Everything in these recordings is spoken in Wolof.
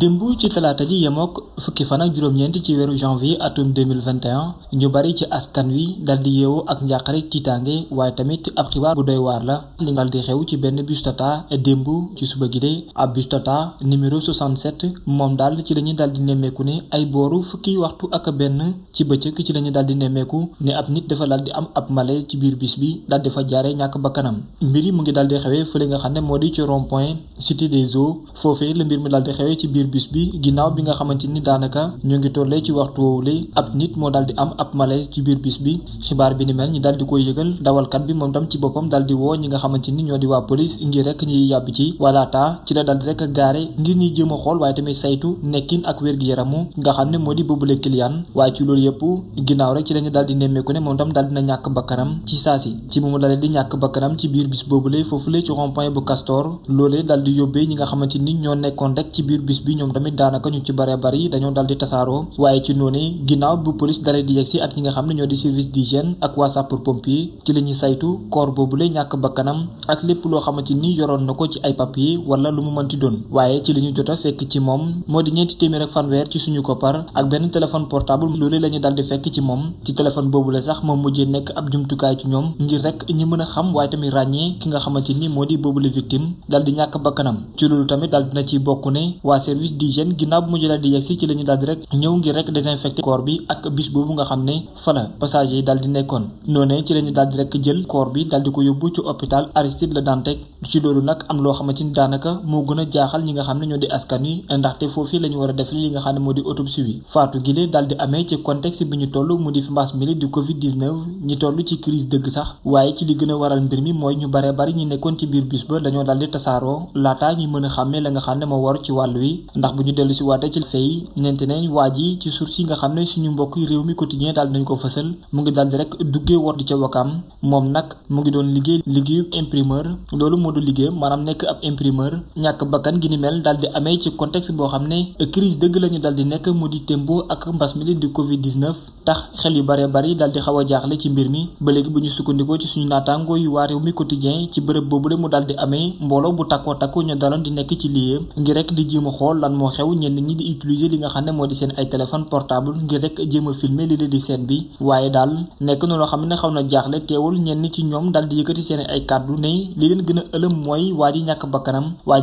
démb ci talaata ji yemook fukki fan ak juróom-ñeent ci weeru janvier atum 2021 ñu bari ci askan wi dal di yeewu ak njàqare tiitaange waaye tamit ab xibaar bu doy waar la li ngal di xew ci benn bus Tata démb ci suba gi de ab bus Tata numéro 67 moom daal ci lañu dal di nemmeeku ne ay booru fukki waxtu ak benn ci bëccëg ci lañu dal di nemmeeku ne ab nit dafa dal di am ab malaise ci biir bis bi dal di fa jaare ñàkk bakkanam mbir yi mu ngi dal di xewee fële nga xam ne moo di ci rond-point cité des eaux foofee la mbir mi dal di xewee ci biir bus bi ginnaaw bi nga xamante ni daanaka ñu ngi tollee ci waxtu woowu li ab nit moo daal a bu mu loolee daal yóbbee ñi nga xamante ñoo nekkoon rek ci biir bus bis bi ñoom tamit daanaka ñu ci bare bari dañoo dal di tasaaroo waaye ci ginnaaw bu police dalee di yegsi ak ñi nga xam ne ñoo di service d'hygiène ak waa sapeur pompier ci la saytu corps boobu la ñàkk bakkanam ak lépp loo xamante nii yoroon na ko ci ay papier wala lu mu ti doon waaye ci li ñu jot a fekk ci moom moo di ñeenti téeméer ak fanweer ci suñu koppar ak benn téléphone portable loolu la ñu dal di fekk ci moom ci téléphone boobu la sax moom mujjee nekk ab jumtukaay ci ñoom ngir rek ñi mën a xam waaye tamit ràññee ki nga xamante ni moo di boobu la victime dal di ñàkk bakkanam service d'hygiène ginnaaw bu mu jëlee di yegsi ci la ñu daal di rek ñëw ngir rek désinfecté corps bi ak bis boobu nga xam ne fa la passager yi daal di nekkoon noonee ci la ñu daal di jël corps bi daal di ko yóbbu ci hôpital Aristide Le Dantec ci loolu nag am loo xamante ni daanaka moo gën a jaaxal ñi nga xam ne ñoo di askan wi ndaxte foofii la ñu war a def li nga xam ne moo di autopsie bi faatu gile daal di amee ci contexte bi ñu toll mu di fi mbaas mi di covid ci crise dëgg sax waaye ci li gën a waral mbir mi mooy ñu bare bari ñi nekkoon ci biir bus ba dañoo daal di tasaaroo laataa ñuy a xàmmee la nga xam ne moo war ci wàll wi yi ndax bu ñu dellu si ci fay yi nente nañ waa ji ci source yi nga xam ne suñu mbokk réew mi quotidien daal nañ ko fësal mu ngi daal di rek duggee war di ca wakaam moom nag mu ngi doon liggéey liggéeyub imprimeur loolu moo du liggéeyam maanaam nekk ab imprimeur ñàkk bakkan gi ni mel daal di amee ci contexte boo xam ne crise dëgg la ñu daal di nekk mu di tembo ak mbas mi di covid 19 tax xel yu bare bari daal di xaw a jaaxle ci mbir mi ba léegi mi quotidien ci bërëb boobule mu daal di amee mbooloo bu takkoo takku ñu daloon di nekk ci xool lan moo xew ñenn ñi di utiliser li nga xam ne moo di seen ay téléphone portable ngir rek jéem a filmer li di seen bi waaye daal nekk na loo xam ne xaw na jaaxle teewul ñenn ci ñoom daal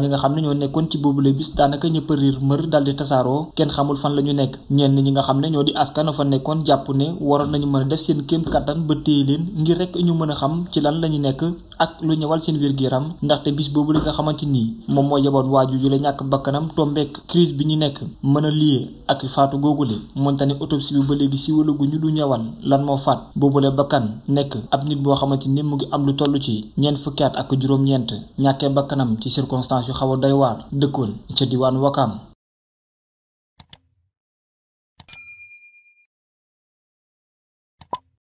a nga xam ne ñoo nekkoon ci boobule bis daanaka ñëpp a riir mër daal di tasaaroo kenn xamul fan la ñu nekk ñenn ñi nga xam ne ñoo di askan fa nekkoon jàpp ne waroon nañu mën a def seen kéem kattan ba téye leen ngir rek ñu mën a xam ci lan la ñu nekk ak lu ñëwal seen wér-gu-yaram ndaxte bis boobu li nga xamante nii moom moo yeboon waaju ju tombeek crise bi ñu nekk mën a lié ak faatu googule moonte ne autopsie bi ba léegi si walagu ñu du ñëwal lan moo faat boobule bakkan nekk ab nit boo xamante ni mu ngi am lu toll ci ñeent fukki ak juróom-ñeent ñàkkee bakkanam ci circonstances yu xaw a doy waar dëkkoon ca diwaan Wakaam